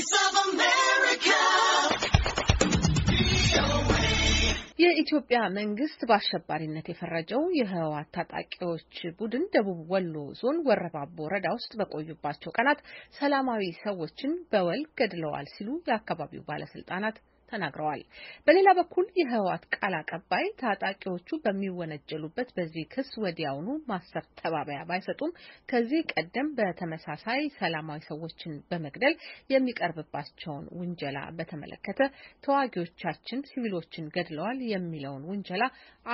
Voice of America. የኢትዮጵያ መንግስት በአሸባሪነት የፈረጀው የህወሓት ታጣቂዎች ቡድን ደቡብ ወሎ ዞን ወረባቦ ወረዳ ውስጥ በቆዩባቸው ቀናት ሰላማዊ ሰዎችን በወል ገድለዋል ሲሉ የአካባቢው ባለስልጣናት ተናግረዋል። በሌላ በኩል የህወሓት ቃል አቀባይ ታጣቂዎቹ በሚወነጀሉበት በዚህ ክስ ወዲያውኑ ማስተባበያ ባይሰጡም ከዚህ ቀደም በተመሳሳይ ሰላማዊ ሰዎችን በመግደል የሚቀርብባቸውን ውንጀላ በተመለከተ ተዋጊዎቻችን ሲቪሎችን ገድለዋል የሚለውን ውንጀላ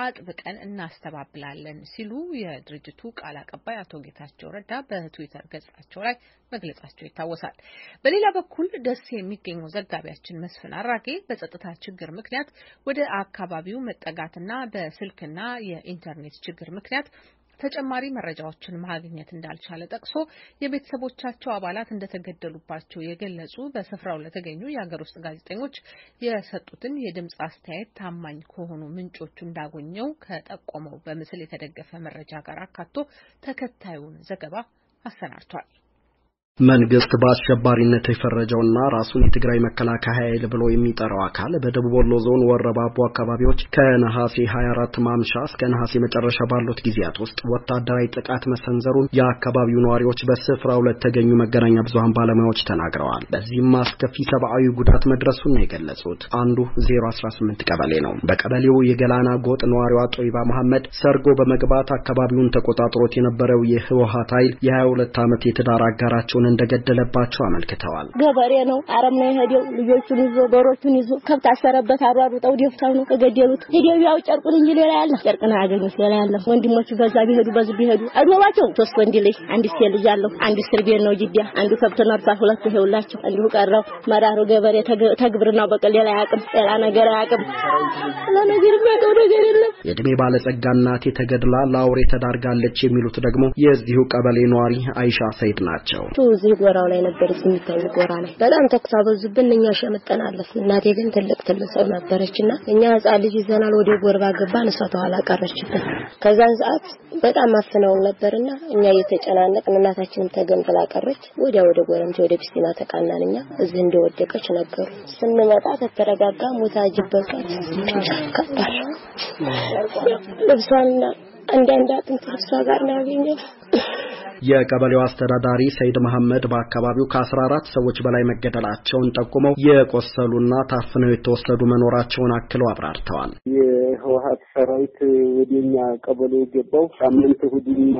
አጥብቀን እናስተባብላለን ሲሉ የድርጅቱ ቃል አቀባይ አቶ ጌታቸው ረዳ በትዊተር ገጻቸው ላይ መግለጻቸው ይታወሳል። በሌላ በኩል ደሴ የሚገኘው ዘጋቢያችን መስፍን አራጌ በጸጥታ ችግር ምክንያት ወደ አካባቢው መጠጋትና በስልክና የኢንተርኔት ችግር ምክንያት ተጨማሪ መረጃዎችን ማግኘት እንዳልቻለ ጠቅሶ የቤተሰቦቻቸው አባላት እንደተገደሉባቸው የገለጹ በስፍራው ለተገኙ የሀገር ውስጥ ጋዜጠኞች የሰጡትን የድምፅ አስተያየት ታማኝ ከሆኑ ምንጮቹ እንዳገኘው ከጠቆመው በምስል የተደገፈ መረጃ ጋር አካቶ ተከታዩን ዘገባ አሰናድቷል። መንግስት በአሸባሪነት የፈረጀውና ራሱን የትግራይ መከላከያ ኃይል ብሎ የሚጠራው አካል በደቡብ ወሎ ዞን ወረባቦ አካባቢዎች ከነሐሴ 24 ማምሻ እስከ ነሐሴ መጨረሻ ባሉት ጊዜያት ውስጥ ወታደራዊ ጥቃት መሰንዘሩን የአካባቢው ነዋሪዎች በስፍራው ለተገኙ መገናኛ ብዙሀን ባለሙያዎች ተናግረዋል። በዚህም አስከፊ ሰብአዊ ጉዳት መድረሱን ነው የገለጹት። አንዱ 018 ቀበሌ ነው። በቀበሌው የገላና ጎጥ ነዋሪዋ ጦይባ መሐመድ ሰርጎ በመግባት አካባቢውን ተቆጣጥሮት የነበረው የህወሀት ኃይል የ22 ዓመት የትዳር አጋራቸውን እንደገደለባቸው አመልክተዋል። ገበሬ ነው አረም ነው የሄደው። ልጆቹን ይዞ በሮቹን ይዞ ከብት አሰረበት። አሯሩጠው ደፍታው ነው ከገደሉት። ሄደው ያው ጨርቁን እንጂ ሌላ ያለ ጨርቅን አያገኙት ሌላ ያለ ወንድሞቹ በዛ ቢሄዱ በዚህ ቢሄዱ አይኖራቸው ሶስት ወንድ ልጅ አንድ ሴት ልጅ አለው። አንድ እስር ቤት ነው ጅዲያ፣ አንዱ ከብት ነርሳ፣ ሁለቱ ሄውላቸው እንዲሁ ቀረው። መራሩ ገበሬ ተግብርናው በቀል ሌላ አያውቅም፣ ሌላ ነገር አያውቅም። ለነገር የሚያውቀው ነገር የለም። የእድሜ ባለጸጋ እናቴ ተገድላ ለአውሬ ተዳርጋለች የሚሉት ደግሞ የዚሁ ቀበሌ ነዋሪ አይሻ ሰይድ ናቸው። እዚህ ጎራው ላይ ነበረች የሚታይ ጎራ ላይ በጣም ተኩስ አበዙብን። እኛ ሸምጠን አለፍን። እናቴ ግን ትልቅ ትልቅ ሰው ነበረችና እኛ ህጻን ልጅ ይዘናል ወደ ጎርባ ገባን። እሷ ተኋላ ቀረችብን። ከዛን ሰዓት በጣም አፍነው ነበርና እኛ እየተጨናነቅን እናታችንም ተገንጥላ ቀረች። ወዲያ ወደ ጎረምቴ ወደ ፒስቲና ተቃናን። እኛ እዚህ እንደወደቀች ነገሩ ስንመጣ ተተረጋጋ ሞታ ጅበቃት ከባድ ልብሷንና አንዳንድ አጥንት ልብሷ ጋር ነው ያገኘው የቀበሌው አስተዳዳሪ ሰይድ መሐመድ በአካባቢው ከአስራ አራት ሰዎች በላይ መገደላቸውን ጠቁመው የቆሰሉና ታፍነው የተወሰዱ መኖራቸውን አክለው አብራርተዋል። የህወሀት ሰራዊት እኛ ቀበሌ የገባው ሳምንት እሁድና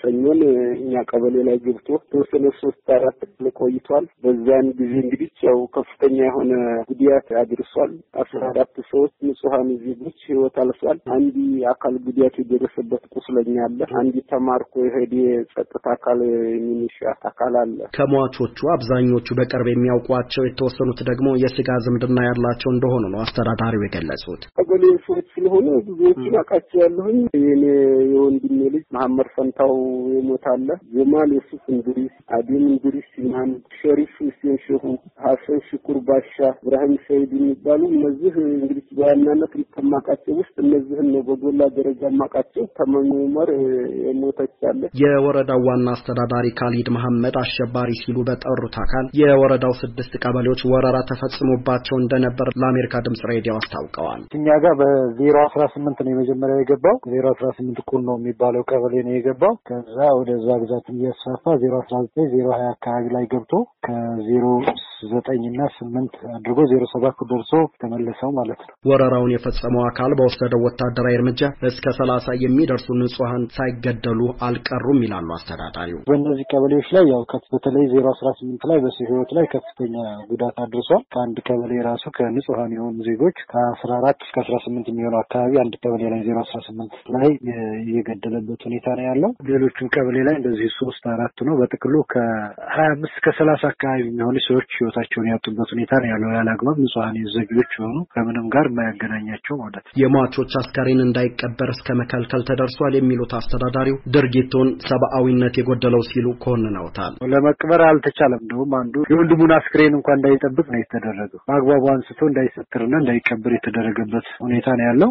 ሰኞን እኛ ቀበሌ ላይ ገብቶ ተወሰነ ሶስት አራት ክፍል ቆይቷል። በዛን ጊዜ እንግዲህ ያው ከፍተኛ የሆነ ጉዳት አድርሷል። አስራ አራት ሰዎች ንጹሀን ዜጎች ህይወት አልፏል። አንድ አካል ጉዳት የደረሰበት ቁስለኛ አለ። አንድ ተማርኮ የሄደ ጸጥታ አካል ሚኒሻ አካል አለ። ከሟቾቹ አብዛኞቹ በቅርብ የሚያውቋቸው የተወሰኑት ደግሞ የስጋ ዝምድና ያላቸው እንደሆኑ ነው አስተዳዳሪው የገለጹት። ቀበሌ ሰዎች ስለሆኑ ብዙዎችን ያለሁኝ የኔ የወንድሜ ልጅ መሀመድ ፈንታው የሞታለ ጀማል የሱፍ እንድሪስ፣ አዴም እንድሪስ ኢማም፣ ሸሪፍ ሁሴን ሸሁ፣ ሀሰን ሽኩር ባሻ፣ እብራሂም ሰይድ የሚባሉ እነዚህ እንግዲህ በዋናነት ከማውቃቸው ውስጥ እነዚህን ነው በጎላ ደረጃ ማውቃቸው። ተመኙ ዑመር የሞተች አለ። የወረዳው ዋና አስተዳዳሪ ካሊድ መሐመድ አሸባሪ ሲሉ በጠሩት አካል የወረዳው ስድስት ቀበሌዎች ወረራ ተፈጽሞባቸው እንደነበር ለአሜሪካ ድምጽ ሬዲዮ አስታውቀዋል። እኛ ጋር ዜሮ አስራ ስምንት ነው የመጀመሪያ የገባው ዜሮ አስራ ስምንት ቁል ነው የሚባለው ቀበሌ ነው የገባው። ከዛ ወደዛ ግዛት እያስፋፋ ዜሮ አስራ ዘጠኝ ዜሮ ሀያ አካባቢ ላይ ገብቶ ከዜሮ ዘጠኝና ስምንት አድርጎ ዜሮ ሰባት ደርሶ ተመለሰው ማለት ነው። ወረራውን የፈጸመው አካል በወሰደው ወታደራዊ እርምጃ እስከ ሰላሳ የሚደርሱ ንጹሀን ሳይገደሉ አልቀሩም ይላሉ አስተዳዳሪው። በእነዚህ ቀበሌዎች ላይ ያው በተለይ ዜሮ አስራ ስምንት ላይ በሰው ህይወት ላይ ከፍተኛ ጉዳት አድርሷል። ከአንድ ቀበሌ ራሱ ከንጹሀን የሆኑ ዜጎች ከአስራ አራት እስከ አስራ ስምንት የሚሆነው አካባቢ አንድ ቀበሌ ላይ ዜሮ አስራ ስምንት ላይ እየገደለበት ሁኔታ ነው ያለው። ሌሎቹም ቀበሌ ላይ እንደዚህ ሶስት አራት ነው። በጥቅሉ ከሀያ አምስት ከሰላሳ አካባቢ የሚሆኑ ሰዎች ህይወታቸውን ያጡበት ሁኔታ ነው ያለው። ያለ አግባብ ንጹሐን ዘቢዎች የሆኑ ከምንም ጋር የማያገናኛቸው ማለት ነው። የሟቾች አስከሬን እንዳይቀበር እስከ መከልከል ተደርሷል የሚሉት አስተዳዳሪው ድርጊቱን ሰብአዊነት የጎደለው ሲሉ ኮንነውታል። ለመቅበር አልተቻለም። እንደውም አንዱ የወንድሙን አስክሬን እንኳን እንዳይጠብቅ ነው የተደረገው። በአግባቡ አንስቶ እንዳይሰትርና እንዳይቀበር የተደረገበት ሁኔታ ነው ያለው።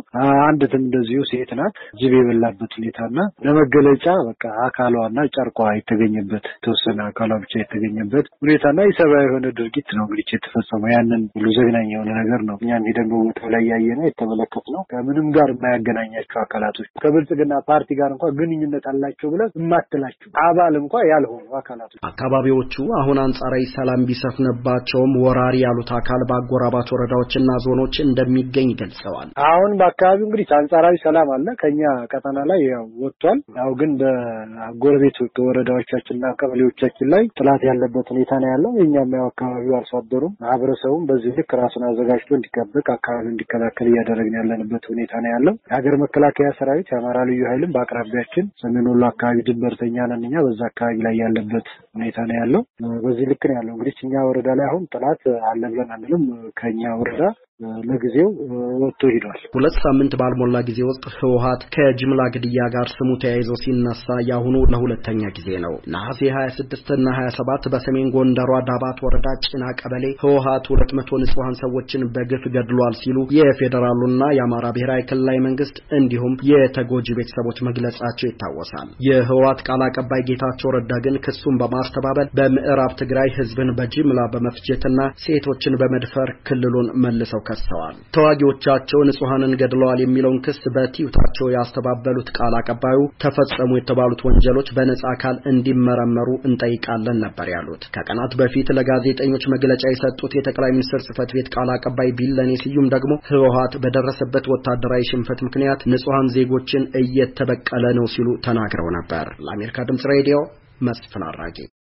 አንድትም እንደዚሁ ሴት ናት ጅብ የበላበት ሁኔታና ለመገለጫ በቃ አካሏና ጨርቋ የተገኘበት የተወሰነ አካሏ ብቻ የተገኘበት ሁኔታና የሰብአዊ የሆነ ድርጊት ነው እንግዲህ የተፈጸመው። ያንን ሁሉ ዘግናኝ የሆነ ነገር ነው። እኛም ሄደን በቦታው ላይ ያየነው የተመለከትነው ከምንም ጋር የማያገናኛቸው አካላቶች ከብልጽግና ፓርቲ ጋር እንኳ ግንኙነት አላቸው ብለን የማትላቸው አባል እንኳ ያልሆኑ አካላቶች። አካባቢዎቹ አሁን አንጻራዊ ሰላም ቢሰፍንባቸውም ወራሪ ያሉት አካል በአጎራባች ወረዳዎችና ዞኖች እንደሚገኝ ገልጸዋል። አሁን በአካባቢው እንግዲህ አንጻራዊ ሰላም አለ። ከኛ ቀጠና ላይ ያው ወጥቷል። ያው ግን በጎረቤት ወረዳዎቻችንና ቀበሌዎቻችን ላይ ጥላት ያለበት ሁኔታ ነው ያለው። የኛም ያው አካባቢ አካባቢው አርሶ አደሩም ማህበረሰቡም በዚህ ልክ ራሱን አዘጋጅቶ እንዲጠብቅ አካባቢ እንዲከላከል እያደረግን ያለንበት ሁኔታ ነው ያለው። የሀገር መከላከያ ሰራዊት የአማራ ልዩ ኃይልም በአቅራቢያችን ሰሜን ወሎ አካባቢ ድንበርተኛ ነን እኛ በዛ አካባቢ ላይ ያለበት ሁኔታ ነው ያለው። በዚህ ልክ ነው ያለው። እንግዲህ እኛ ወረዳ ላይ አሁን ጥላት አለ ብለን አንልም። ከኛ ወረዳ ለጊዜው ወጥቶ ሂዷል። ሁለት ሳምንት ባልሞላ ጊዜ ውስጥ ህወሀት ከጅምላ ግድያ ጋር ስሙ ተያይዞ ሲነሳ የአሁኑ ለሁለተኛ ጊዜ ነው። ነሐሴ 26 እና 27 በሰሜን ጎንደሯ ዳባት ወረዳ ጭና ቀበሌ ህወሀት ሁለት መቶ ንጹሐን ሰዎችን በግፍ ገድሏል ሲሉ የፌዴራሉና የአማራ ብሔራዊ ክልላዊ መንግስት እንዲሁም የተጎጂ ቤተሰቦች መግለጻቸው ይታወሳል። የህወሀት ቃል አቀባይ ጌታቸው ረዳ ግን ክሱን በማስተባበል በምዕራብ ትግራይ ህዝብን በጅምላ በመፍጀትና ሴቶችን በመድፈር ክልሉን መልሰው ከሰዋል። ተዋጊዎቻቸው ንጹሐንን ገድለዋል የሚለውን ክስ በቲዩታቸው ያስተባበሉት ቃል አቀባዩ ተፈጸሙ የተባሉት ወንጀሎች በነጻ አካል እንዲመረመሩ እንጠይቃለን ነበር ያሉት። ከቀናት በፊት ለጋዜጠኞች መግለጫ የሰጡት የጠቅላይ ሚኒስትር ጽህፈት ቤት ቃል አቀባይ ቢለኔ ስዩም ደግሞ ህወሀት በደረሰበት ወታደራዊ ሽንፈት ምክንያት ንጹሐን ዜጎችን እየተበቀለ ነው ሲሉ ተናግረው ነበር። ለአሜሪካ ድምጽ ሬዲዮ መስፍን አራጌ